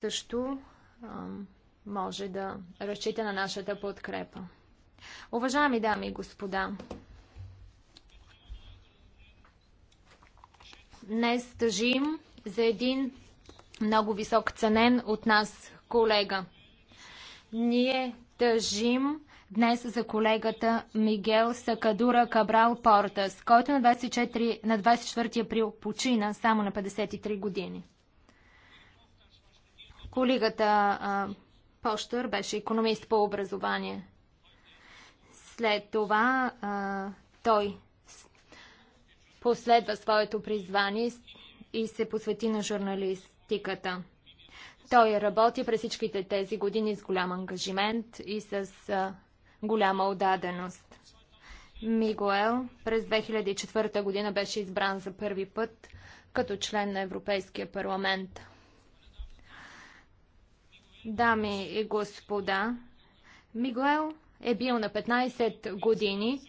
също може да разчита на нашата подкрепа. Уважаеми дами и господа, днес тъжим за един много висок ценен от нас колега. Ние тъжим днес за колегата Мигел Сакадура Кабрал Портас, който на 24, на 24 април почина само на 53 години. Колегата а, Пощър беше економист по образование. След това а, той последва своето призвание и се посвети на журналистиката. Той работи през всичките тези години с голям ангажимент и с а, голяма отдаденост. Мигуел през 2004 година беше избран за първи път като член на Европейския парламент. Дами и господа, Мигуел е бил на 15 години,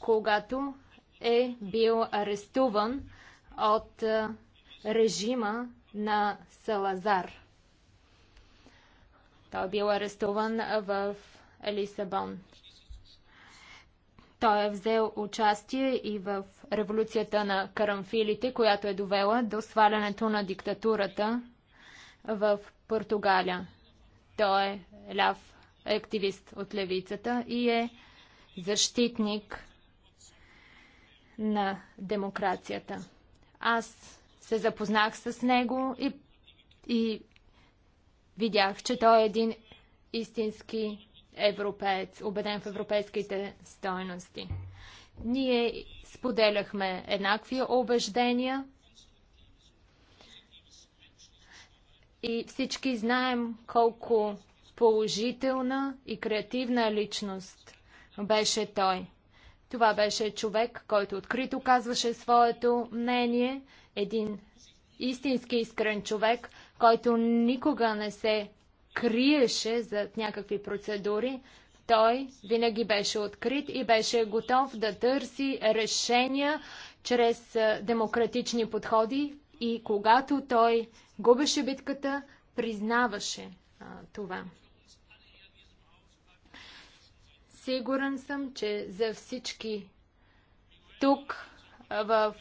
когато е бил арестуван от режима на Салазар. Той е бил арестуван в Лисабон. Той е взел участие и в революцията на карамфилите, която е довела до свалянето на диктатурата в Португалия. Той е ляв активист от левицата и е защитник на демокрацията. Аз се запознах с него и, и видях, че той е един истински европеец, убеден в европейските стойности. Ние споделяхме еднакви убеждения – И всички знаем колко положителна и креативна личност беше той. Това беше човек, който открито казваше своето мнение, един истински искрен човек, който никога не се криеше зад някакви процедури. Той винаги беше открит и беше готов да търси решения чрез демократични подходи, и когато той губеше битката, признаваше а, това. Сигурен съм, че за всички тук в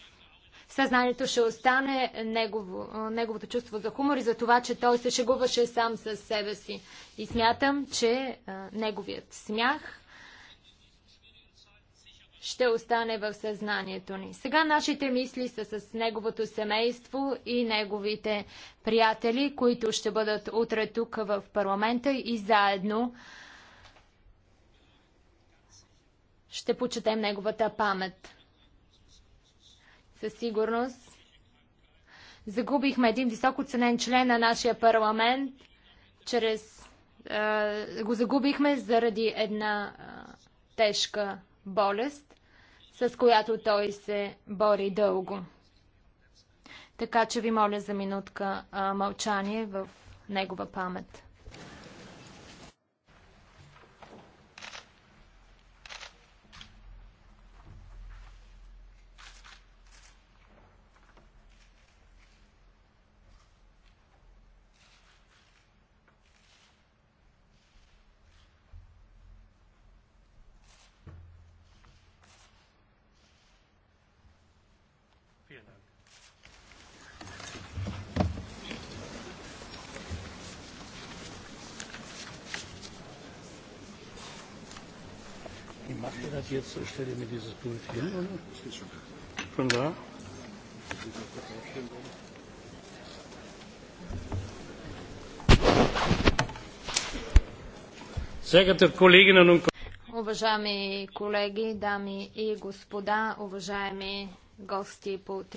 съзнанието ще остане негово, неговото чувство за хумор и за това, че той се шегуваше сам със себе си. И смятам, че а, неговият смях ще остане в съзнанието ни. Сега нашите мисли са с неговото семейство и неговите приятели, които ще бъдат утре тук в парламента и заедно ще почетем неговата памет. Със сигурност загубихме един високо ценен член на нашия парламент, чрез е, го загубихме заради една е, тежка болест, с която той се бори дълго. Така че ви моля за минутка а, мълчание в негова памет. macht ihr das jetzt? Ich stelle mir dieses Pult hin. Oder? Schon da? Sehr geehrte Kolleginnen und Уважаеми колеги, дами и господа, уважаеми гости по